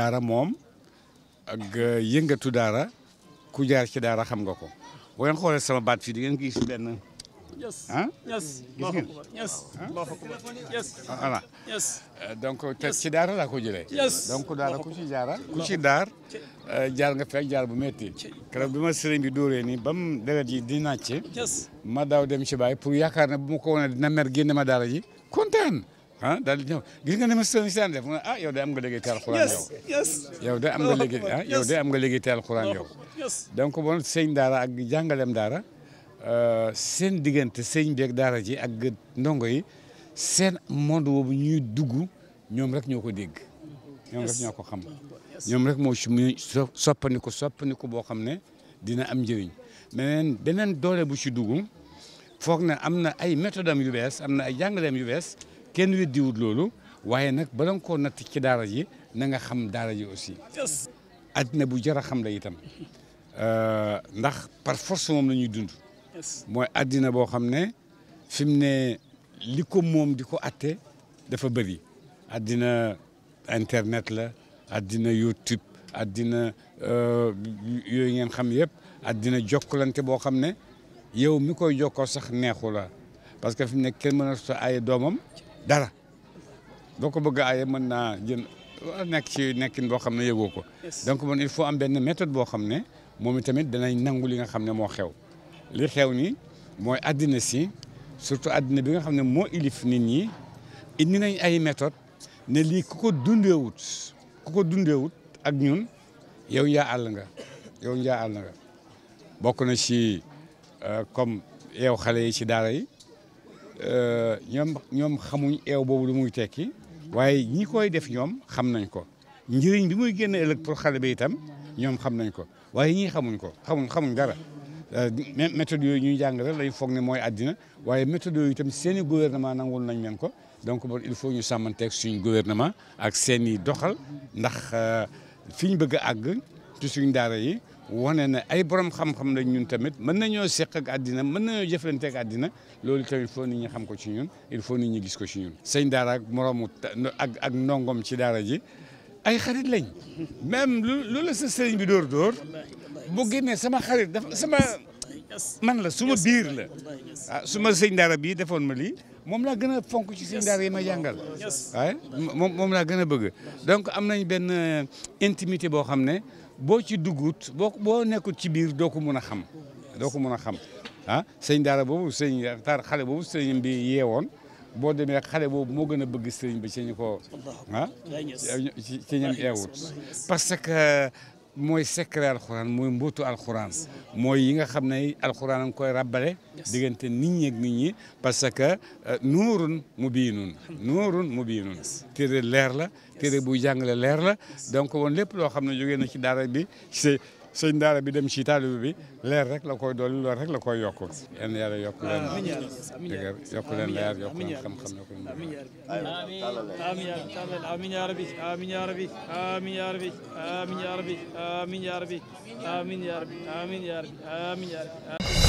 daara moom ak euh, yëngatu daara ku jaar ci daara xam nga ko boo leen sama baat fii di ngeen gis benn ah gis ah? Euh, donc te ci daara laa ko jëlee donc daara ku ci jaara ku ci daar euh, jaar nga fekk jaar bu metti keroog bi ma sëriñ bi dóoree ni ba mu deret yi di nàcce ma daaw dem ci baay pour yaakaar ne bu mu ko wane dina mer génne ma daara ji kontaan ah daal di nga ni ma sëñ si daan yow de am nga léegi teel xuraan yow. de am nga léegi ah yow de am nga léegi teel xuraan yow. donc bon sëñ daara ak jàngaleem daara euh, seen diggante sëñ daara ji ak ndongo yi seen monde boobu ñuy dugg ñoom rek ñoo ko dégg. ñoom rek ñoo ko xam. ñoom rek moo si mu soppandiku soppandiku boo xam ne dina am njëriñ mais beneen doole bu ci dugg foog na am na ay méthode am am na ay jàngaleem yu bees. kenn weddiwut loolu waaye nag bala nga koo natt ci daara ji na nga xam daara ji aussi. addina bu jar a xam la itam euh, ndax par force moom la dund. mooy addina boo xam ne fi ne li ko moom di ko atte dafa bëri. addina internet la addina YouTube addina euh, yooyu ngeen xam yëpp addina jokkalante boo xam ne yow mi koy jokkoo sax neexu la parce que fi mu ne kenn mën a ay doomam. dara boo ko bëgg a mën naa jën nekk ci nekkin boo xam ne yëgoo ko. donc man il faut am benn méthode boo xam ne moom itamit danañ nangu li nga xam ne moo xew. li xew ni mooy àddina si surtout àddina bi nga xam ne moo ilif nit ñi indi nañ ay méthode ne lii ku ko dundewut ku ko dundeewut ak ñun yow yaa àll nga yow yaa bokk na ci euh, comme yow xale yi ci daara yi. Euh, ñoom ñoom xamuñ eew boobu lu muy tekki waaye ñi koy def ñoom xam nañ ko njëriñ bi muy génn ëllëg pour xale bi itam ñoom xam nañ ko waaye ñii xamuñ ko xamuñ xamuñ dara euh, méthode yooyu ñuy rek lañ foog ne mooy àddina waaye méthode yooyu itam seen i gouvernement nañ leen ko donc bon il faut ñu sàmmanteeg suñ gouvernement ak seen i doxal ndax euh, fi ñu bëgg a àgg ci suñ daara yi wane ne ay borom xam-xam lañ ñun tamit mën nañoo seq ak àddina mën nañoo jëflante ak àddina loolu tamit faut nit ñi xam ko ci ñun il faut nit ñi gis ko ci ñun. sëñ daara ak moromu ak ak ndongom ci daara ji ay xarit lañ même lu lu la sa sëriñ bi dóor dóor bu génnee sama xarit man la suma biir la ah su ma sëñ daara bii defoon ma lii moom laa gën a fonk ci sëñ daara yi ma jàngal waaye moom laa gën a bëgg donc am nañu benn euh, intimité boo xam ne boo ci duggut boo boo nekkul ci biir doo ko mun a xam doo ko mun a xam ah sëñ daara boobu sëñ taar xale boobu sëñ bi yeewoon boo demee xale boobu moo gën a bëgg sëñ bi ci ñu ko ah ci ñam eewut parce que mooy secret alxuraan mooy mbootu alxuraan mooy yi nga xam ne alxuraan a ngi koy rabbale diggante nit ñi ak parce que euh, nuurun mu biinun nuurun mu biinun téere leer la téere buy jàngale leer la donc woon lépp loo xam ne jógee na ci daara bi sëñ daara bi dem ci taalibe bi leer rek la koy dolli loolu rek la koy yokk yal na yàlla yokk leen dëgër yokk leen leer yokk leen xam-xam yokk leen amin ya rabbi amin ya